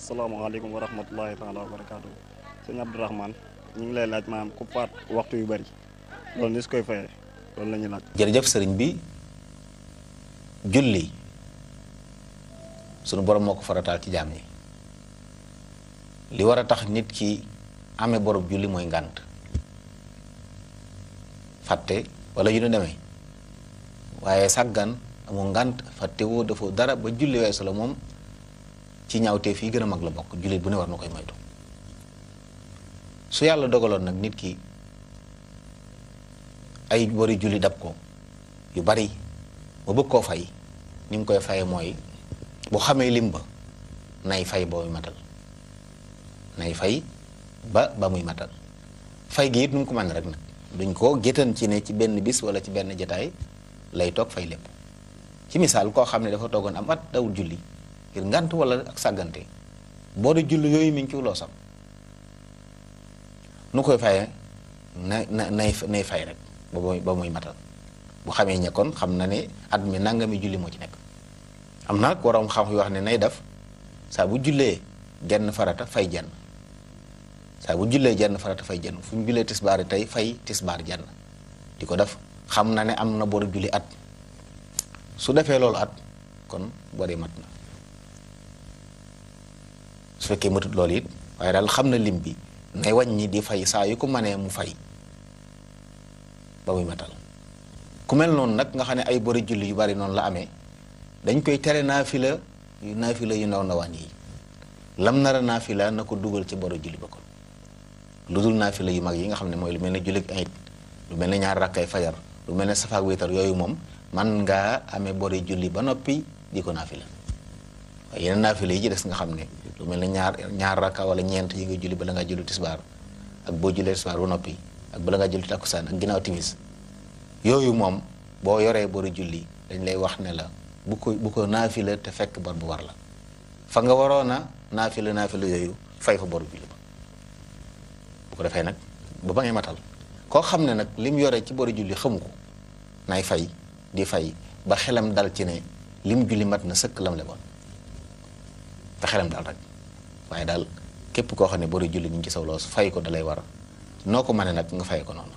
Assalamualaikum warahmatullahi taala wabarakatuh. barakaatu sëñ Abdourahmane ñu ngi lay laaj maanaam ku faat waxtu yu bari loolu ni su koy fayee loolu laaj. jërëjëf sëriñ bi julli sunu borom moo ko farataal ci jaam ñi li tax nit ki ame borom julli mooy ngànt Fatte wala yu nu demee waaye sàggan amu ngànt fàtte woo dafa dara ba julli la ci ñaawteef fii gën a mag la bokk jullit bu ne war na koy moytu su yàlla dogaloon nag nit ki ay wari julli dab ko yu bari ba bëgg koo fay ni koy faye mooy bu xamee lim ba nay fay ba muy matal fay ba ba muy matal fay gi it nu mu ko mën rek nag duñ koo gétan ci ne ci benn bis wala ci benn jataay lay toog fay lépp ci misaal koo xam ne dafa toogoon am at dawul julli ngir ngant walla ak sàggante boo de julli yooyu mi ngi ciw loo sam nu koy faye na na nay nay fay rek ba muy ba muy matal bu xamee ñe kon xam na ne at mi nangami julli moo ci nekk am na waroom xam yu wax ne nay def saa bu jullee genn farata fay jenn saa bu jullee jenn farata fay jenn fu ñu jullee tisbaar tey fay tisbaar jenn di ko def xam na ne am na bor julli at su defee loolu at kon bari mat na su fekkee matut loolu it waaye daal xam na lim bi nay wàññi di fay saa yu ko manee mu fay ba muy matal ku mel noonu nag nga xam ne ay bori julli yu bari noonu la amee dañ koy tere naafila yu naafila yu ndaw ndawaan yi lam nara naafila na ko dugal ci bori julli ba kon lu dul naafila yu mag yi nga xam ne mooy lu mel ne jullit ayit lu mel ne ñaar rakkay fajar lu mel ne safaak wéetar yooyu moom man ngaa amee bori julli ba noppi di ko naafila waaye yeneen naafila yi ci des nga xam ne lu mel ne ñaar ñaar rakka wala ñeent yi nga julli bala ngaa julli tisbaar ak boo jullee tisbaar ba noppi ak bala ngaa julli takkusaan ak ginnaaw timis yooyu moom boo yoree boru julli dañ lay wax ne la bu ko bu ko naafila te fekk bor bu war la fa nga waroon a naafila naafila yooyu fay fa boru julli ba bu ko defee nag ba ba matal koo xam ne nag lim yore ci boru julli xamu ko nay fay di fay ba xelam dal ci ne lim julli mat na sëkk lam te xelam daal rek waaye daal képp koo xam ne bari julli ñu ngi ci saw loos fay ko dalay war noo ko mane nag nga fay ko noonu